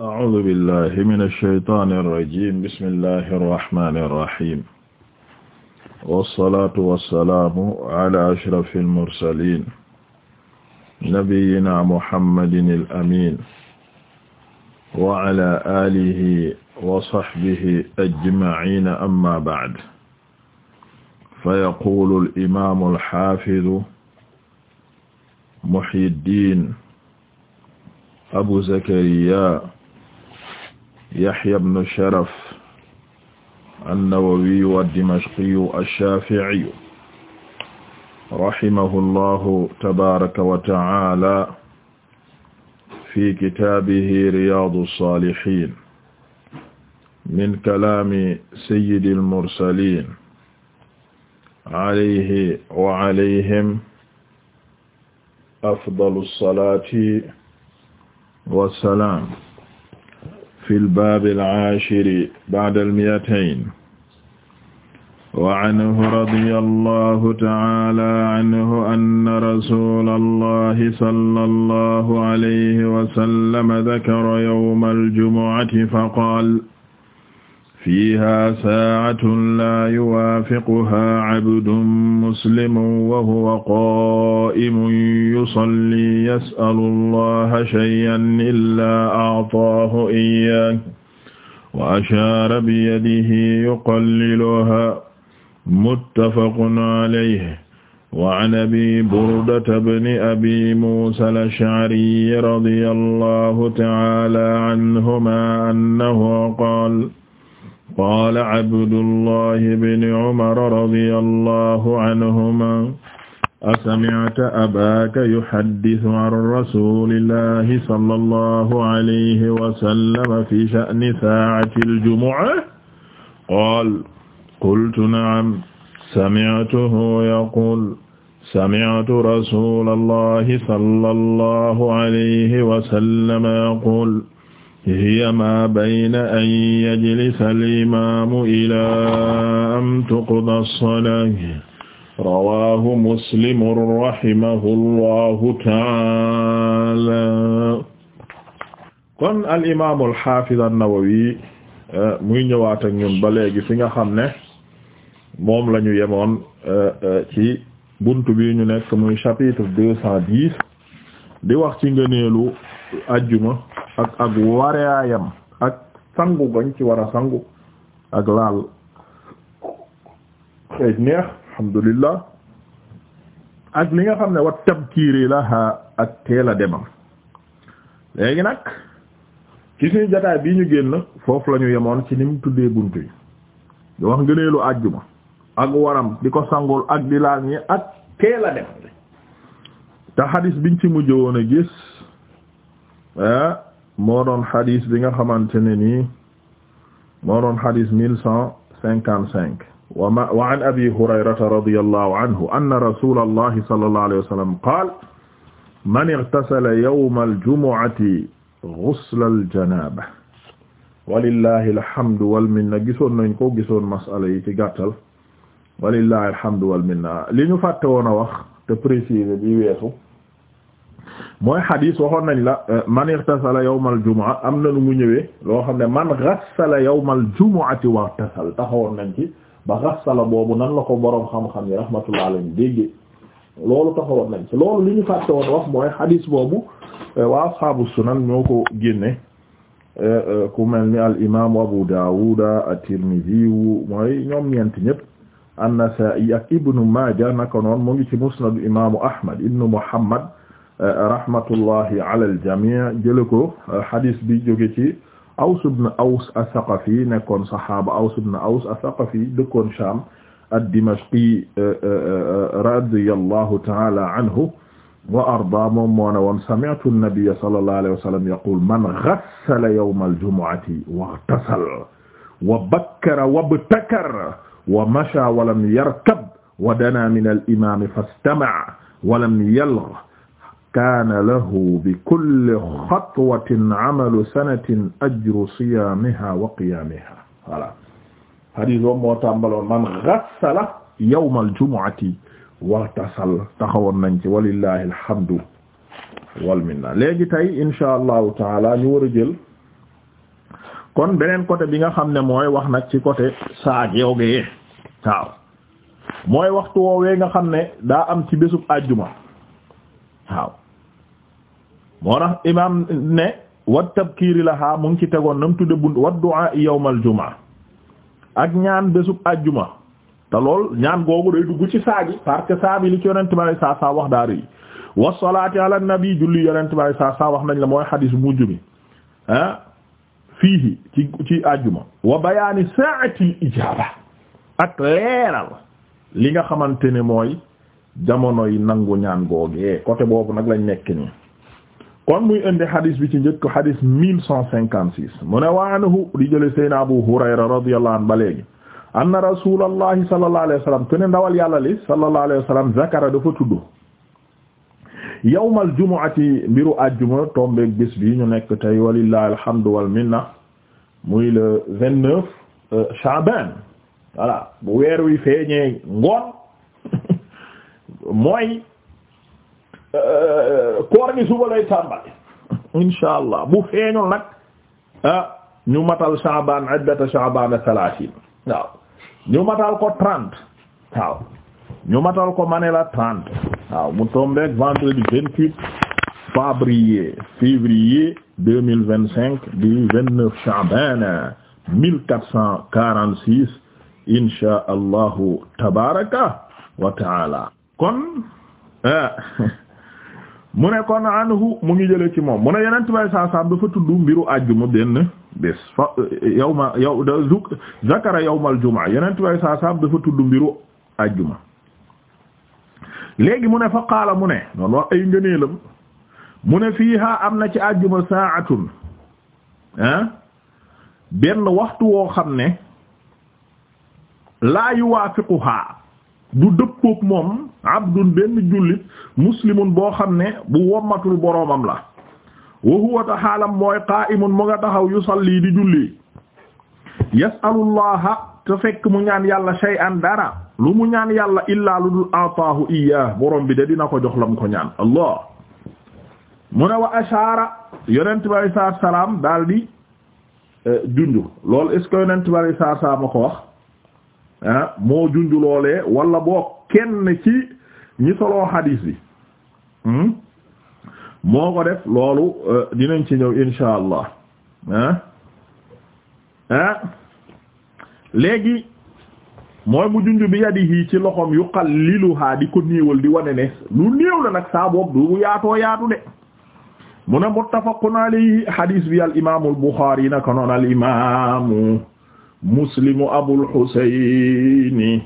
أعوذ بالله من الشيطان الرجيم بسم الله الرحمن الرحيم والصلاة والسلام على أشرف المرسلين نبينا محمد الأمين وعلى آله وصحبه أجمعين أما بعد فيقول الإمام الحافظ محي الدين أبو زكريا Yahya ibn Sharaf an-Nawawiyu ad-Dimashqiyu ash-Shafi'iyu rahimahullahu tabaaraka wa ta'aala fi kitaabihi Riyaadu s-Saalihiin min kalaami sayyidil mursaliin alayhi wa alayhim afdalu s-salaati wa s-salaam fil baabil caashiri ba'dal mi'atayn wa canhu radiyallahu ta'aala canhu anna rasuulallahi sallallahu alayhi wa sallam dakara yawmal jumucati faqaala fiiha saacatun laa yuwaafiquhaa cabdun muslimun wa huwa qaa'imun yusalli yas'alu allaha shay'an illaa a'taahu iyyaahu wa ashaara biyadihi yuqalliluhaa muttafaqun calayhi wa can abii burdata bni abii muusaa al-ashcari radiyallaahu ta'aalaa canhumaa annahu qaala qaala abdullahi bni umara radiyallahu anhuma asami'ta abaaka yuhaddisu an rasulillahi sallallahu alayhi wa sallam fi sha'ni saa'atil jumu'a qaala qultu na'am sami'tuhu yaquulu sami'tu rasulallahi sallallahu alayhi wa sallam yaquulu hiya ma bayna an yajlisa al ilaa an tuqda as-salaatu rawaahu muslim rahimahullahu ta'aala kon al-imaamu al nawawi eh, muy ñëwaat ak ñun ba léegi fi nga xam ne moom la ñu yemoon eh, eh, ci buntu bi ñu nekk muy chapitre deux cent dix di wax ci ngëneelu ajjuma ak ak wareeyam ak sangu bañ ci war a sangu ak laal xëy neex alhamdulillah ak li nga xam ne wa tabkiiri laha ak teel a demam léegi nag ci suñu jotaay bi ñu génn foofu la ñu yemoon ci ni mu tuddee bunt yi di wax ngëneelu àjjuma ak waram di ko sangul ak di laal ñi ak teel a dem te xadis biñ ci mujj woon a gis ah moo doon xadis bi nga xamante ne nii moo doon xadis mille cent cinquante cinq wa ma wa an abi hurayrata radiyallahu anhu anna rasulallahi sallallahu alayhi wa sallam qaala man ightasala yawma al-jumu'ati ghusla al-janaba walillahi alhamdu wal minna gisoon nañ ko gisoon masala yi ci gàttal walillahi alhamdu wal minna li ñu fàtte woon a wax te préciser bi weesu mooy xadis waxoon nañu la euh, man irtasala yawmal jumaa am na nu mu ñëwee loo xam ne man ghassala yawmal jumu'ati wa irtasal taxawoon nañ ci ba ghassala boobu nan la ko boroom xam-xam yi rahmatullah alayhi dégg loolu taxawoon nañ ci loolu li ñu fàtte woon wax mooy xadis boobu euh, waa ashaabu sunan ñoo ko génne euh, ku mel ni al imam Abu Dawud at-Tirmidhi mooy ñoom ñeent ñëpp an-Nasa'i ak Ibnu Maaja naka noon mu ngi ci musnadu imaamu Ahmad ibnu Muhammad rahmatullahi ala al-jamii jële ko euh, hadis bi jóge ci Aws ibn Aws as-Saqafi nekkoon saxaaba Aws ibn Aws as-Saqafi dëkkoon Sham ad-Dimashqi euh, euh, radiyallahu ta'ala anhu wa arda moom moo ne woon sami'tu an-nabiyya sallallahu alayhi wa sallam yaqul man ghassala yawma al-jumu'ati waghtasala wa bakkara wabtakara wa masha wa lam yarkab wa dana min al-imam fastama'a wa lam yalgha kaana lahu bi kulli xatwatin amalu sanatin ajru siyaamiha wa qiyaamiha voilà hadis moo tàmbaloon man xassala yawmal jumu'ati waxtasal taxawoon nañ ci walillahi alhamdu wal minna léegi tey insha allahu taala ñu war a jël kon beneen côté bi nga xam ne mooy wax nag ci côté saageo gayee waaw mooy waxtu woowee nga xam ne daa am ci bésub àjjuma waaw moo tax imaam ne wa tabkiiri lahaa mu ngi ci tegoon nam tudde bunt wa du'a yawmal jumaa ak ñaan bésu ajjuma te lool ñaan googu day dugg ci saagi parce que bi li ci yonent bi saa saa wax daa rëy wa salaati ala julli yonent bi saa saa wax nañ la mooy xadiis mujj bi ah fiihi ci ci ajjuma wa bayaani saa'atil ijaaba ak leeral li nga xamante ne mooy jamono yi nangu ñaan googee côté boobu nag lañu nekk nii kon muy indi xadis bi ci njëkk xadis mille cent cinquante six mu ne waanahu di jële sayna Abu Hurayra radiyallahu anhu ba léegi anna rasulallahi sallallahu alayhi wa sallam te ne ndawal yàlla li sallallahu alayhi wa sallam zakara dafa tudd yawmal jumu'ati mbiru àjjuma tombeeg bés bi ñu nekk tey walillahi alhamdu wal minna muy le vingt neuf Chaban euh, voilà bu weer wi feeñee ngoon mooy euh, koor gi suba lay tàmbali insha allah bu feeñul nag ah ñu matal shaaban iddata shaaban thalathin waaw ñu matal ko trente waaw ñu matal ko ma ne la trente waaw mu tombeek vendredi vingt-huit février février deux mille vingt-cinq du vingt-neuf shaaban mille quatre cent quarante-six insha allahu tabaraka wa taala kon ah, mu ne kon anhu mu ngi jëlee ci moom mu ne yeneen tubaab saa saam dafa tudd mbiru àjjuma benn bés fa yawma yow da zakara yawmal jumaa yeneen tubaab saa saam dafa tudd mbiru àjjuma léegi mu ne fa qaala mu ne noonu wax ay ngëneelam mu ne fiiha am na ci àjjuma saa'atun ah, benn waxtu woo xam ne laa yuwaafiquhaa du dëppook moom abdun benn jullit muslimun boo xam ne bu wommatul boroomam la wa huwa ta xaalam mooy qaa'imun mu nga taxaw yusalli di julli yasalullaha te fekk mu ñaan yàlla shay'an dara lu mu ñaan yàlla illaa lu dul ataahu iyaah borom bi de dina ko jox lam ko ñaan allah mu ne wa ashaara yonent bi alayhi salaam daal di eh, junju loolu est-ce que yonent bi alayhi salaam a ko wax ah moo junj loole walla boo kenn ci ñi soloo hadis bi hmm? moo ko def loolu euh, dinañ ci ñëw insha allah ah? ah léegi mooy mu junj bi yadihi ci loxoom yu qalliluha di ko néewal di wane ne lu néew la nag saa boobu du bu yaatoo yaatu de mu ne muttafaqun alayhi hadis bi al imaamul buxaari naka noonu al imaamu. muslimu abul xusayni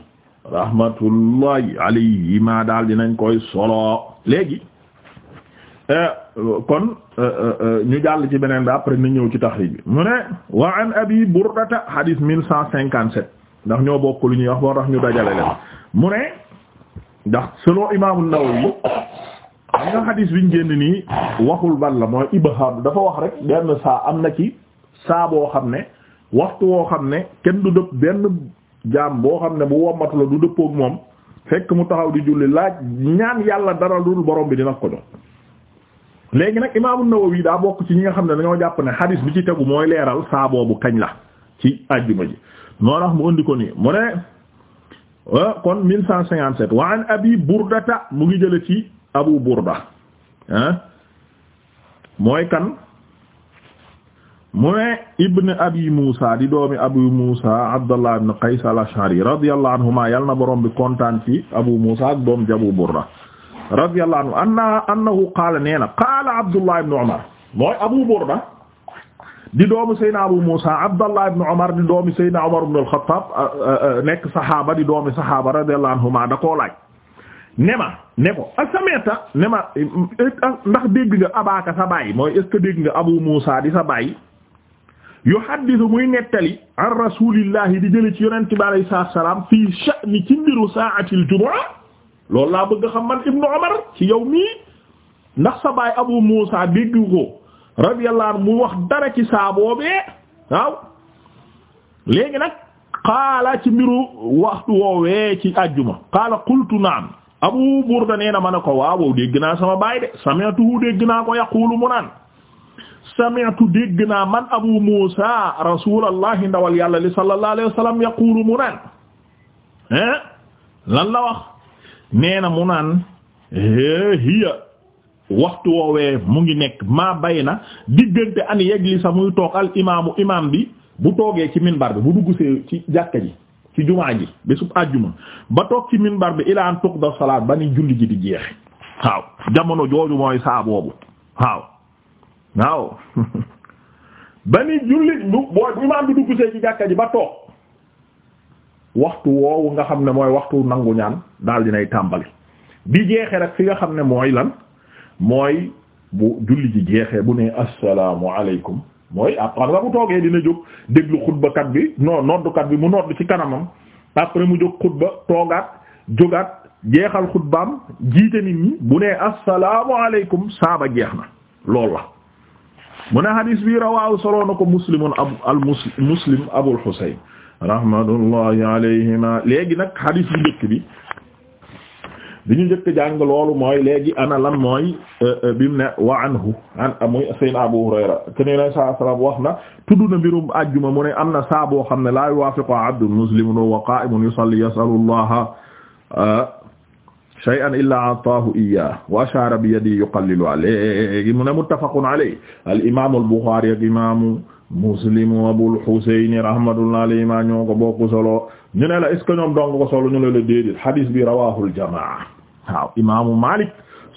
rahmatullahi alayhi ma daal dinañ koy solo léegi eh, kon eh, eh, ñu jàll ci beneen bi après ni ñëw ci taxrij bi mu ne wa an abi burdata hadith mille cent cinquante sept ndax ñoo bokk lu ñuy wax moo tax ñu dajale leen mu ne ndax selon imaamu Nawawi xam nga hadith biñ génn nii waxul ban la mooy ibham dafa wax rek benn saa am na ci saa boo xam ne waxtu woo xam ne kenn du dëpp benn jaam boo xam ne bu wommatu la du dëppook moom fekk mu taxaw di julli laaj ñaan yàlla dara lu dul borom bi dina ko jox léegi nag imaamu Nawawi daa bokk ci ñi nga xam ne dañoo jàpp ne xadiis bi ci tegu mooy leeral saa bu kañ la ci àjjuma ji moo tax mu indi ko nii mu ne kon 1157 wa an abi burdata mu ngi jële ci abu burda ah mooy kan mu ne ibn abi Musa di doomi abu Musa Abdallah ibn Qays al-Ash'ari radiyallahu anhuma yal na borom bi kontaan ci abu Musa ak doom jabu Burda radiyallahu anhu anna annahu qaala nee na qaala Abdullah ibn Umar mooy abu Burda di doomi Seydina abu Musa Abdallah ibn Umar di doomi Seydina Umar ibn al-Khattab nekk saxaaba di doomi saxaaba radiyallahu anhuma da koo laaj ne ma ne ko asameta ne ma ndax dégg nga abaaka sa baay mooy est-ce que dégg nga abu Musa di sa baay yuhaddisu muy nettali an rasulillahi di jële ci yonent bi alayhi salaatu wa salaam fii sha'ni ci mbiru sa'atil jumu'a loolu laa bëgg xam man ibnu Umar ci yow mii ndax sa baay Abu Muusa dégg ko radiyallahu anhu mu wax dara ci saa boobee waaw léegi nag qaala ci mbiru waxtu woowee ci àjjuma qaala qultu na'am Abu Burda nee na ma ne ko waaw dégg naa sama baay de sami'tuhu dégg naa ko yaqulu mu naan sami'tu dégg naa man abu muusa rasulallahi ndawal yàlla li sallallahu alayhi wa sallam mu naan hein lan la wax nee na mu naan hiya waxtu woowee mu ngi nekk maa bay na diggante an yegli sa muy toog al imaamu imaam bi bu toogee ci minbar bi bu dugg see ci jàkka ji ci jumaa ji bésub àjjuma ba toog ci minbar bi ila an tuqda salaat ba ni julli ji di jeexe waaw jamono jooju mooy saa boobu waaw ba ni jullit bu booy bu imaam bi dugg see ci jàkka ji ba toog waxtu woowu nga xam ne mooy waxtu nangu ñaan daal dinay tàmbali di jeexee rek fi nga xam ne mooy lan mooy bu julli ji jeexee bu ne assalaamu alaykum mooy ab ah, xam nga bu toogee dina jóg déglu kat bi non noddukat bi mu nodd ci kanamam après mu jóg xutba toogaat jógaat jeexal xutbaam jiite nit ñi bu ne assalaamu alaykum saaba jeex na lool la mu ne hadis bi rawaahu solo na ko muslimun ab al muslim abul husayn rahmatullahi alayhima léegi nag hadis bu njëkk bi bi ñu njëkk jàng loolu mooy léegi ana lan mooy euh, euh, bi mu ne wa anhu an muy sayna abu hurayra te ne saa salaam wax na tudd na mbirum ajjuma mu ne am na saa boo xam ne laa yuwaafiqu abdun muslimun wa qaa'imun yusalli yasalu allaha euh, shay'an illaa ataahu iyyaahu wa ashaara bi yadihi yuqallilu léegi mu ne muttafaqun alayhi al imaamu al buxaari ak imaamu muslimu abul husayn rahmatullahi alayhi maa ñoo ko bokk solo ñu ne la est ce que ñoom dong ko solo ñu ne la déedéet hadis bi rawaahu al jamaa waaw imaamu Maalik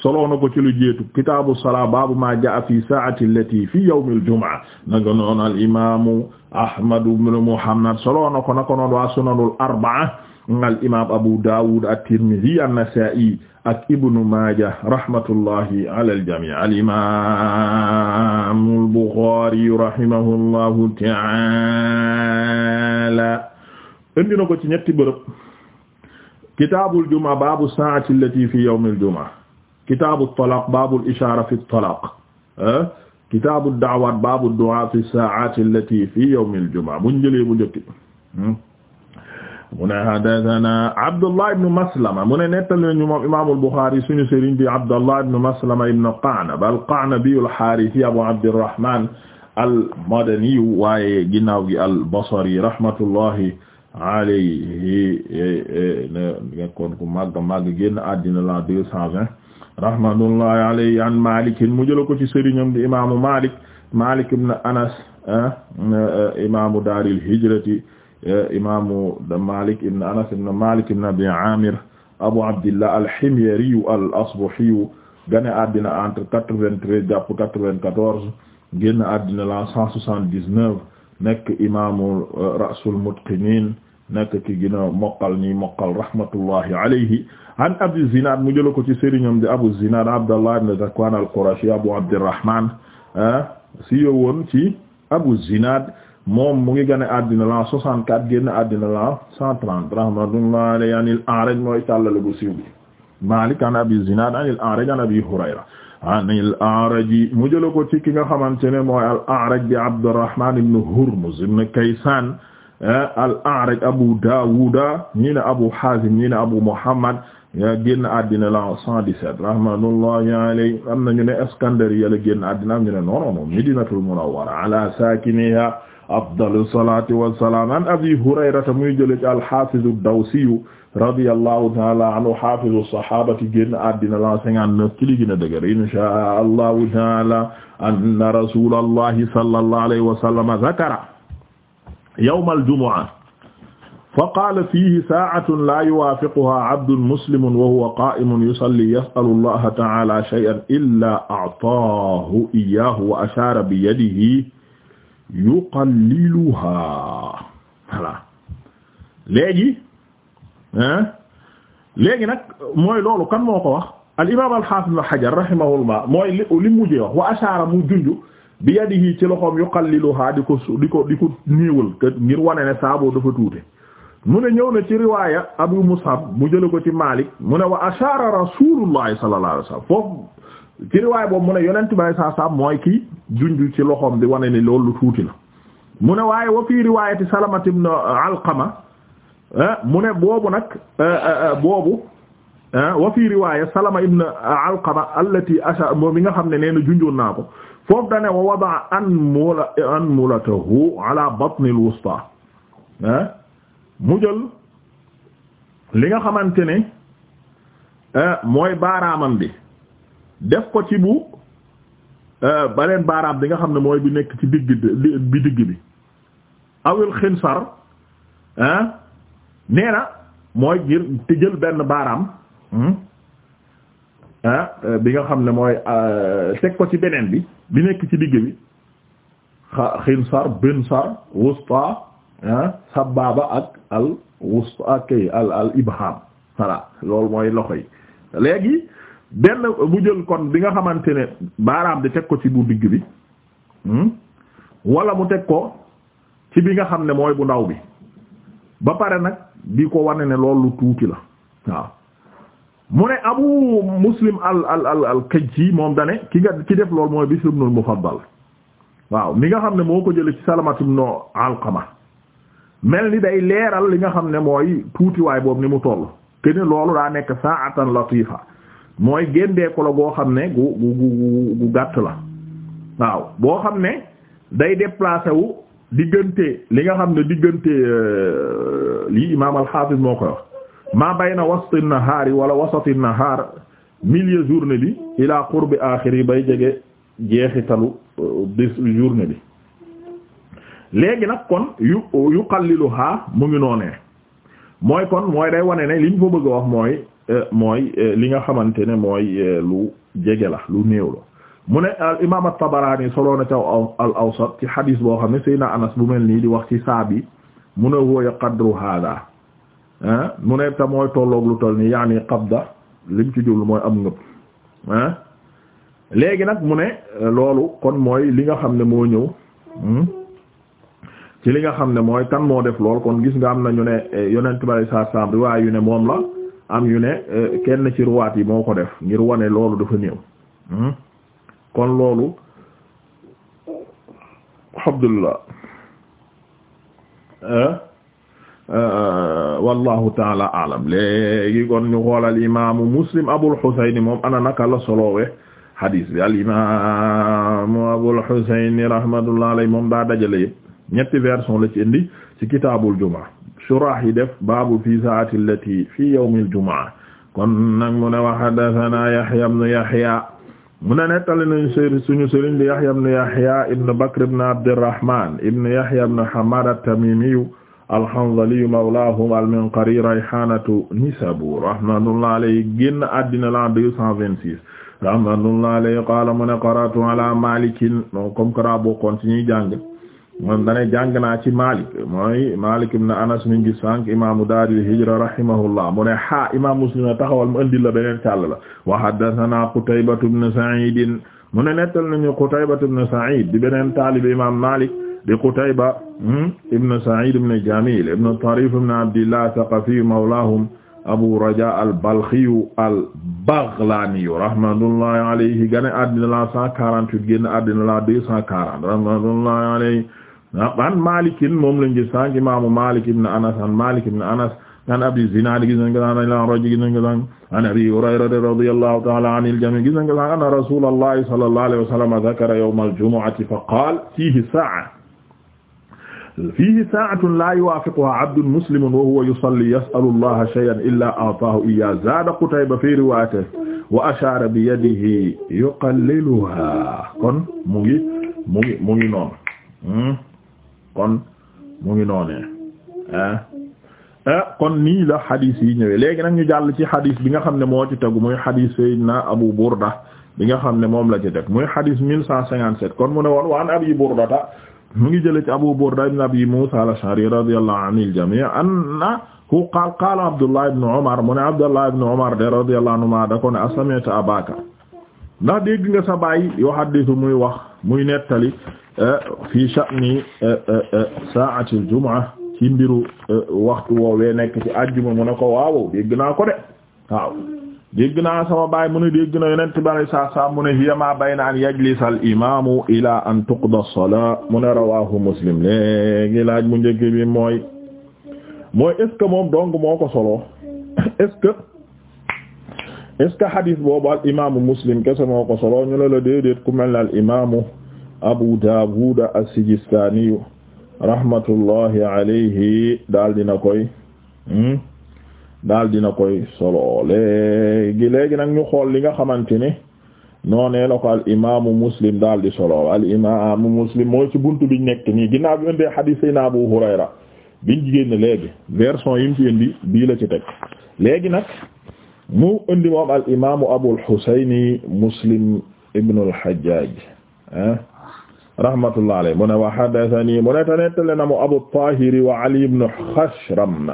solo na ko ci lu jeetu kitaabu salaa baabu maa jaa fi saa'ati allati fi yawmi al jumaa naga noon al imaamu Ahmad ibn Muhammad solo na ko na ko noon waa sunanul arbaa al imam Abu Dawud at-Tirmidhi an-Nasa'i ak Ibnu Maaja rahmatullahi ala al-jami' al-imam al-Bukhari rahimahullahu ta'ala indi na ko ci ñetti bërëb kitaabul juma baabu saa'ati allati fi yawmil juma kitaabu talaq baabu al-ishaara fi talaq eh? kitaabu da'waat baabu du'aa fi saa'ati allati fi yawmil juma buñ jëlee bu njëkk mu ne hadathana abdullah ibnu maslama mu ne nettali nañu moom imam al-Bukhari suñu sëriñ bi abdullah ibnu maslama ibnu Qa'naba al-Qa'nabi al-Harithi abu abdirrahman al-Madani waaye ginnaaw gi al-Basri rahmatullahi alayhi e, e, nekkoon ku màgg màgg génn àddina la deux cent vingt rahmatullahi alayhi an Malik mu jëla ko ci sëriñam di imaamu Malik Malik ibn Anas ah, eh, imaamu daaril hijrati Eh, imaamu Malik ibn Anas ibn Malik ibn Abi Amir Abu Abdillah al-Himyari al-Asbahi gane addina entre quatre-vingt-treize jàpp quatre-vingt-quatorze génn addina la cent soixante-dix-neuf nekk imaamu eh, ra'sul mutqinin nekk ki gën a moqal ñi moqal rahmatullahi alayhi an Abi Zinad mu jël ko ci sëriñam di Abu Zinad Abdallah ibn Zakwan al-Qurashi Abu Abdurrahman eh, si yowoon ci Abu Zinad moom mu ngi gën a addina la 64 génn addina la 130 rahmatullahi alayhi anil A'raj mooy tallale bu siiw bi Maalik an Abi Zinaad anil A'raj an Abi Hurayra anil A'raj ko ci ki nga xamante ne mooy al A'raj bi Abdurrahmaan ibn Hurmuz ibn Kaysaan eh, al A'raj Abu Daawuda ñi ne Abu Haazim ñi ne Abu Muhammad eh, génn addina la 117 rahmatullahi alayhi am nañu ne Iskandariya la génn addina am ñu ne non non Madiinatul Munawwara afdalu salaati wassalaam an abi hurayrata muy jële ci alxafizu dawsiyu radiyallahu taala anhu xafizu sahabati génn addina la cinquante-neuf ci li gën a dëgër inshaa allahu taala anna rasulallahi sallallahu alayhi wa sallam zakara yawma aljumu'a fa qaala fiihi saa'atun laa yuwaafiquhaa abdun muslimun wa huwa qaa'imun yusalli yas'alu allaha taala shay'an illaa a'taahu iyyaahu wa ashaara biyadihi yuqalliluha voilà léegi léegi nag mooy loolu kan moo ko wax al imaam al haafid ibn hajar rahimahullah mooy li li mujjee wax wa ashaara mu junj bi yadihi ci loxoom yuqalliluha di ko su di ko di ko niiwal ngir wane ne saaboo dafa tuute mu ne ñëw na ci riwaaya abu mus'ab mu jële ko ci maalik mu ne wa ashaara rasuulullahi sallallahu alayhi wasallam ci riwaay boobu mu ne yonent bay saa mooy kii junj ci loxoom bi wane ni loolu tuuti la mu ne waaye wa fii riwaayati Salamat ibn Alqama eh, mu ne boobu nag eh, eh, boobu wa fii riwaaya Salama ibn Alqama allati asha moom yi nga xam ne nee na naa ko foofu dane wa wada an mula an mulatahu ala batnil mu jël li nga xamante ne mooy baaraamam bi def ko ci bu euh, baleen baaraam bi nga xam ne mooy bi nekk ci digg bi digg bi awil xinsar ah mooy ngir te jël benn baaraam hmm, euh, bi nga xam ne mooy euh, teg ko ci beneen bi bi nekk ci digg bi xa xinsar binsar wusta sababa ak al wusta ak al al ibham voilà loolu mooy loxo yi léegi benn mu jël kon bi nga xamante ne baaraam di teg ko ci bu digg bi hmm? wala mu teg ko ci bi nga xam ne mooy bu ndaw bi ba pare nag di ko wane ne loolu tuuti la waaw mu ne abu muslim al al al al kajji moom dane ki nga ki def loolu mooy bisr ibnul mufaddal waaw mi nga xam ne moo ko jële ci salamat ibnu alqama mel ni day leeral li nga xam ne mooy tuutiwaay boobu ni mu toll te ne loolu daa nekk saatan latifa mooy géndeeku la goo xam ne gu gu gu gu gàtt la waaw boo xam ne day déplacé wu diggante li nga xam ne diggante euh, lii imaam al-Hafiz moo ko wax maa bayna yi nahaari wala na nahaar milieu journée bi ila qurbi axir yi bay jege jeexitalu euh, bis journée bi léegi nag kon yu yu qalliluha mu ngi noonee mooy kon mooy day wane ne li ñu fa bëgg a wax mooy Euh, mooy euh, li nga xamante ne mooy euh, lu jege la lu néew la mu ne al imaam at-Tabarani solo na ca al awsat ci xadis boo xam ne Seydina Anas bu mel nii di wax ci saa bi mu ne huwa qadru hada mu ne te mooy tolloog lu toll nii yaani qabda lim ci jublu mooy am ngëp ah léegi nag mu ne loolu kon mooy li nga xam ne moo ñëw hmm? ci li nga xam ne mooy kan moo def lool kon gis nga am na ñu ne eh, yonent bi sallallahu alayhi wasallam yu ne moom la. am yu ne euh, kenn ci ruwaat yi moo ko def ngir wone loolu dafa néew hmm? kon loolu alhamdulillah eh? Eh, wallahu taala alam léegi kon ñu xool al imaamu muslim abul husayn moom ana naka la soloowe hadis bi al imaamu abul husayn rahmatullah moom daa dajale yëpp ñetti version la ci indi ci kitaabul jumaa shurah yi def baabu fi saati allati fi yawmi aljumaa kon nag mu ne wa haddathana yahya ibn yahya mu ne nettali nañu sëriñ suñu sëriñ di yahya ibn yahya ibn bakr ibn abdirrahman ibn yahya ibn hamad at-tamimiyu alhanzaliyu mawlaahum al-minqari rayhanatu nisabur rahmatullahi alayhi génn àddina la 226 rahmatullahi alayhi qaala mu ne qara'tu ala malikin comme que daa bokkoon ci ñuy jàng moom dane jàng naa ci Malik mooy Malik ibn Anas min ngi sànq imamu daaril hijra rahimahullah mu ne ha imam Muslim a taxawal mu indi la beneen càll la wa haddathana Qutaybatu ibn Sa'id mu ne nettal nañu Qutaybatu ibn Sa'id di beneen taalibe imam Malik di Qutayba hmm, ibn Sa'id ibn Jamil ibn Tarif ibn Abdillah Thaqafi mawlahum Abu Raja al-Balkhiyu al-Baghlaniyu rahmatullahi alayhi gane addina la 148 génn addina la 240 rahmatullahi alayhi an malikin moom lañ gis sànq imaamu malik ibn anas an malik ibn anas an abi zinad gis nañ ko sànq an raj gis nañ ko sànq an abi hurayra radiyallahu ta'ala anil jami gis nañ ko sànq anna rasulullahi sallallahu alayhi wa sallam dhakara yawm al-jumu'ati fa qala fihi sa'a fihi sa'atun la yuwafiquha abdun muslimun wa huwa yusalli yas'alu allaha shay'an illa a'tahu iyyahu zada qutayba fi riwayatihi wa ashara bi yadihi yuqalliluha kon mu ngi mu ngi mu ngi noonu hmm? kon mu ngi noonee ah. ah, kon nii la hadith yi ñëwee léegi nag ñu jàll ci hadith bi nga xam ne moo ci tegu muy hadith Seydina Abu Burda bi nga xam ne moom la ci teg muy hadith 1157 kon mu ne woon waan Abi Burdata mu ngi jëlee ci Abu Burda ibn Abi Musa al-Ash'ari radiyallahu anil jami' annahu qaala qaala Abdullah ibn abaka ndax dégg nga sa baay yu haddisu muy wax muy nettali eh, fi sha'ni eh, eh, saa'ati al-jum'a ci mbiru waxtu woowee nekk ci àjjuma mu ne ko waaw dégg naa ko de waaw dégg naa sama baay mu ne dégg na yonent bari saa saa mu ne hiya ma bayna an yajlisa al an tuqda as-salaa mu ne rawahu muslim léegi laaj mu njëkk bi mooy mooy est moom dong moo ko solo est est-ce que xadis boobu al imaamu muslim kese moo ko solo ñu ne la déedéet ku mel ne al imaamu abu daawud as-sijistaaniyu rahmatullahi alayhi daal dina koy hmm? daal dina koy solo léegi nag ñu xool li nga xamante ni noonee la ko al imaamu muslim daal di solo al imaamu muslim mooy ci buntu biñ nekk nii bi indee xadis sayna abu hurayra biñ léegi version yi mu ci indi ci léegi nag. mu indi moom al imaamu Abul Husayni Muslim ibn al-Hajjaj ah rahmatullah alayhi mu ne wa haddathani mu ne te nettali na mu Abu Tahir wa Ali ibn Khashram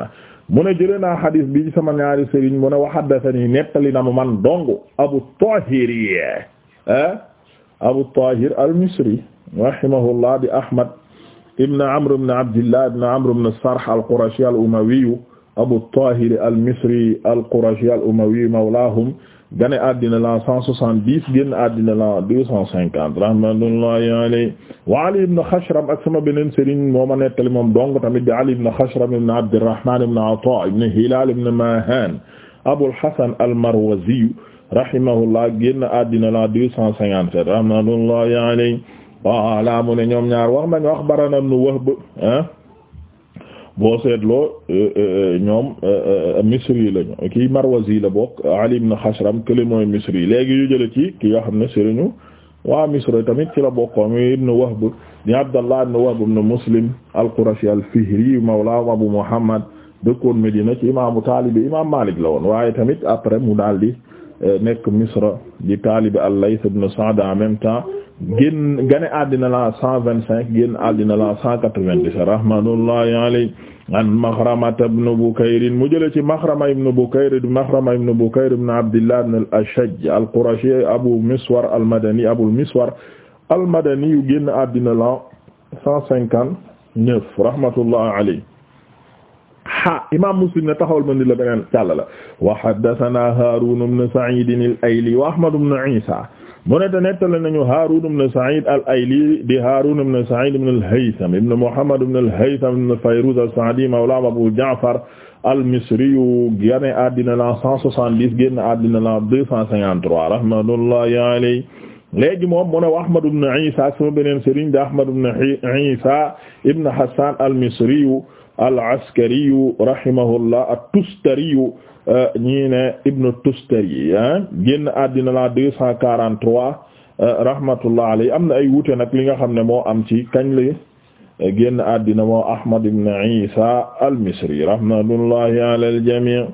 mu ne jëlee naa hadith bi sama ñaari sëriñ mu ne wa haddathani nettali na mu man dong Abu Tahir ah Abu Tahir al-Misri rahimahullah bi Ahmad ibn Amr ibn Abdillah ibn Amr ibn Sarh al-Qurashi al-Umawi Abu Tahir al-Misri al-Qurashi al-Umawi mawlaahum gane addina la 170 génn addina la 250 rahmatullahi alayhi wa Ali ibn Khashram ak sama beneen sëriñ moo ma nettali moom dong tamit di Ali ibn Khashram ibn Abdirrahman ibn Ata ibn Hilal ibn Mahan Abul Hasan al-Marwazi rahimahullah génn addina la 257 rahmatullahi alayhi wa ala mu ne ñoom ñaar wax nañu axbarana ibn Wahb ah. boo seetloo euh, euh, ñoom euh, misri lañu kii marwazi la bokk ali ibn xasram kële mooy misri léegi yu jële ci ki yoo xam ne ñu waa misri tamit ci la bokkoo mi ibn wahb ni abdallah ibn wahb ibn muslim al-qurashi al-fihri mawlaahum abu muhammad dëkkoon medina ci imaamu taalibi imaam malik la woon waaye tamit après mu daldi nekk Misra di taalibi al-Layth ibn Sa'd en même temps génn gane àddina la cent vingt cinq génn àddina la cent quatre-vingt-dix-sept rahmatullahi alayhi an Maxramata ibn Bukayr mu jële ci Maxrama ibn Bukayr di Maxrama ibn Bukayr ibn Abdillah ibn al-Ashajj al-Qurashi Abu Miswar al-Madani Abu Miswar al-Madani yu génn àddina la cent cinquante-neuf rahmatullahi alayhi ha imam Muslim ne taxawal ma ni la beneen càll la wa haddathana Harun ibn Sa'id al-Ayli wa Ahmad ibn Isa mu ne te nettali nañu Harun ibn Sa'id al-Ayli di Harun ibn Sa'id ibn al-Haytham ibn Muhammad ibn al-Haytham ibn Fayruz as-Sa'di mawla Abu Ja'far al-Misri génn àddina la 170 génn àddina la 253 rahmatullahi alayhi léegi moom mu ne wa Ahmad ibn Isa sama beneen sëriñ di Ahmad ibn Isa ibn Hassan al-Misri al-Askariyu rahimahullah at-Tustariyu euh, ñii ne Ibn Tustari génn àddina la deux cent quarante trois euh, rahmatullah alayhi am na ay wuute nag li nga xam ne moo am ci kañ la génn àddina moo Ahmad ibn Isa al-Misri rahmatullahi ala al-jami'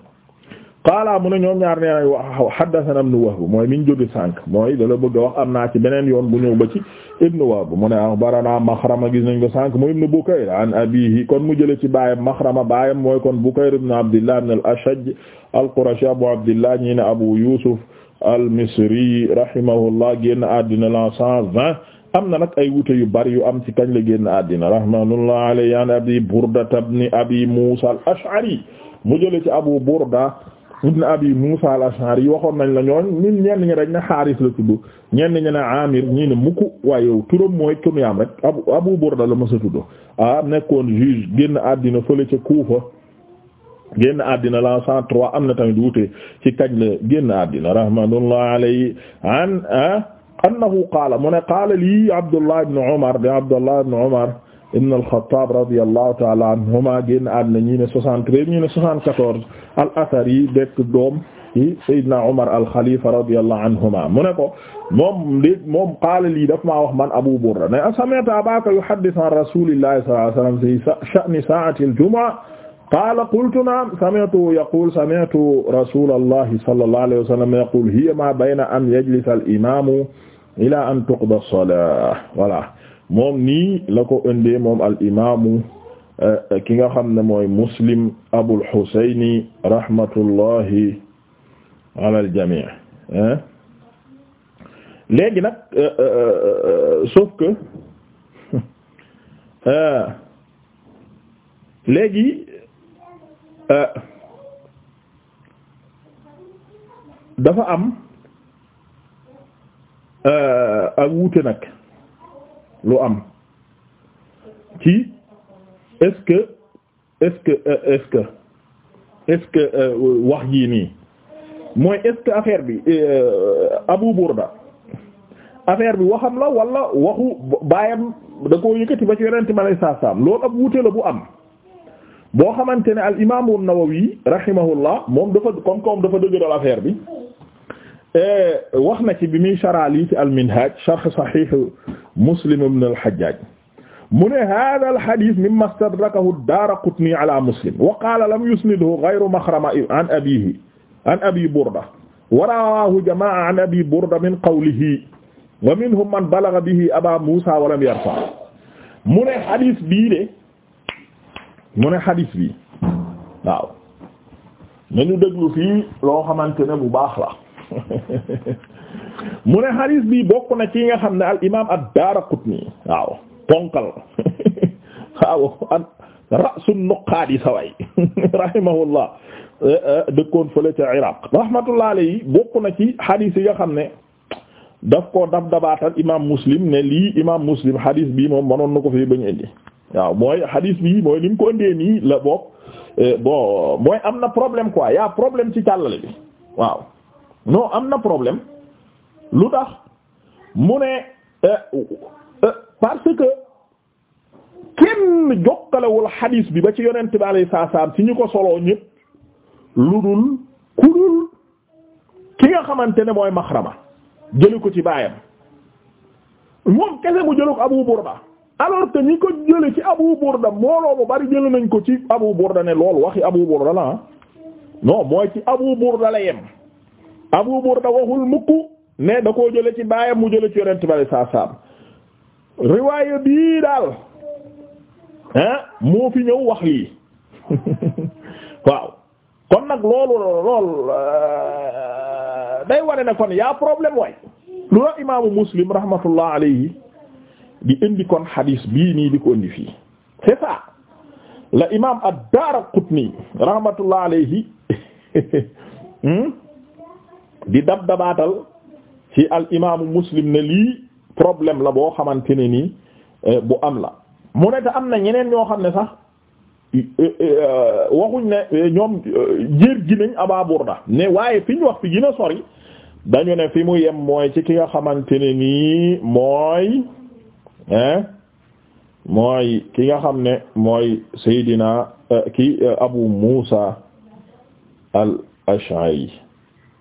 qaala mu ne ñoom ñaar nee nañ wax haddathana Ibn Wahb mooy miñ jóge sànq mooy da la bëgg a wax am naa ci beneen yoon bu ñëw ba ci ibnu Wahb mu ne axbarana Maxrama gis nañ ko sànq mu ibnu Bukayr an abiihi kon mu jële ci baayam Maxrama baayam mooy kon Bukayr ibnu Abdillah ibnu al-Ashajj al-Qurashi Abu Abdillah ñi ne Abu Yusuf al-Misri rahimahullah génn àddina la cent vingt am na nag ay wute yu bari yu am ci kañ la génn àddina rahimahullah alayhi an Abi Burda ibn Abi Musa al-Ash'ari mu jële ci Abu Burda ibn abi Musa al-Ash'ari yi waxoon nañ la ñooñ ñun ñenn ñu dañ ne Xaaris la tudd ñenn ñi ne Amir ñii ne mukk waaye mooy Kinyaam rek Abu Abu Burda la mësa tudd ah nekkoon juge génn àddina fële ca Kuufa génn àddina la 103 am na tamit wuute ci kañ la génn àddina rahmatullah alayhi an ah, annahu qaala mu ne qaala lii Abdullah ibn Umar bi Abdullah ibn al-Khattab radiyallahu ta'ala anhuma génn àddina ñi ne 73 ñi ne 74 al-Athari dekk doom ci Seydina Omar al-Khalifa radiyallahu anhuma mu ne ko moom li moom qaala lii daf maa wax man Abu Burda ne sami'tu abaka yuhaddithu an rasulillahi sallallahu alayhi wasallam fi sha'ni sa'ati al-jumu'a qaala qultu na'am sami'tu yaqulu sami'tu rasulallahi sallallahu alayhi wasallam yaqulu hiya ma bayna an yajlisa al-imamu ila an tuqda as-salah voilà moom nii la ko indee moom al imaamu eh, ki nga xam ne mooy muslim abul xusayni rahmatullahi ala al jamii eh. léegi nag eh, sauf léegi dafa am ak wuute nag lu am ci est-ce que est euh, euh, wax jii nii mooy est-ce affaire bi euh, Abu Burda affaire bi waxam la wala waxu baayam da koo yëkkati ba ci yonente mi alayhi loolu ab wuute la bu am boo xamante ne al imaamu Nawawi rahimahullah moom dafa comme comme dafa dëgëral affaire bi wax na ci bi muy chara lii ci al minhaj sharh sahih muslim ibn al-Hajjaj mu ne hada alhadith mimma stadrakahu ad-Daraqutni ala muslim wa qala lam yusnidhu ghayru Makhrama an abihi an abi Burda wa rawahu jama'a an abi Burda min qawlihi wa minhum man balagha bihi aba Musa wa lam yarfa mu ne hadith bii de mu ne hadith bi waaw nañu déglu fii loo xamante ne bu baax la mu ne xadis bi bokk na ci nga xam ne al imaam ad-Daaraqutni waaw ponkal waaw an ra'su nuqaadi saway rahimahullah e, e, dëkkoon fële ca Iraq rahmatullah alayhi bokk na ci xadis yi nga xam ne daf ko dab dabaatal imaam Muslim ne lii imaam Muslim xadis bi moom mënoon na ko fi bañ indi waaw mooy xadis bii mooy ni ko indee nii la bokk e, bon mooy am na problème quoi y'a problème ci tàllale bi waaw non am na problème lu tax mu ne euh, euh, euh, parce que kenn jokkalewul xadiis bi ba ci yonent bi alayhi salaam ci ñu ko soloo ñëpp lu dul ku dul ki nga xamante ne mooy maxrama jëli ko ci baayam moom kese mu jëlu ko Abu Burda alors que ñi ko jële ci Abu Burda mbooloo bu bari jële nañ ko ci Abu Burda ne lool waxi Abu Burda la ah non mooy ci Abu Burda la yem Abu Burda waxul mukk mais da koo jële ci baayam mu jële ci yonent bale saa saam riwaaya bii daal ah moo fi ñëw wax lii waaw kon nag loolu lool euh, day ware ne kon yaa problème waay lu la imaamu muslim rahmatullah alayhi di indi kon xadiis bii nii di ko indi fii c'est la imaam ad-Daaraqutni rahmatullah alayhi hmm, di dab ci al imaamu muslim ne lii problème la boo xamante ne nii eh, bu am la mu ne te am na ñeneen ñoo xam ne sax eh, eh, waxuñ ne ñoom jéer gi nañ Abaa Burda ne waaye fiñ wax fi gën a sori dañu ne fi mu yem mooy ci ki nga xamante ne nii mooy hein mooy ki nga xam ne mooy Seydina ki Abu Muusa al Ash'ari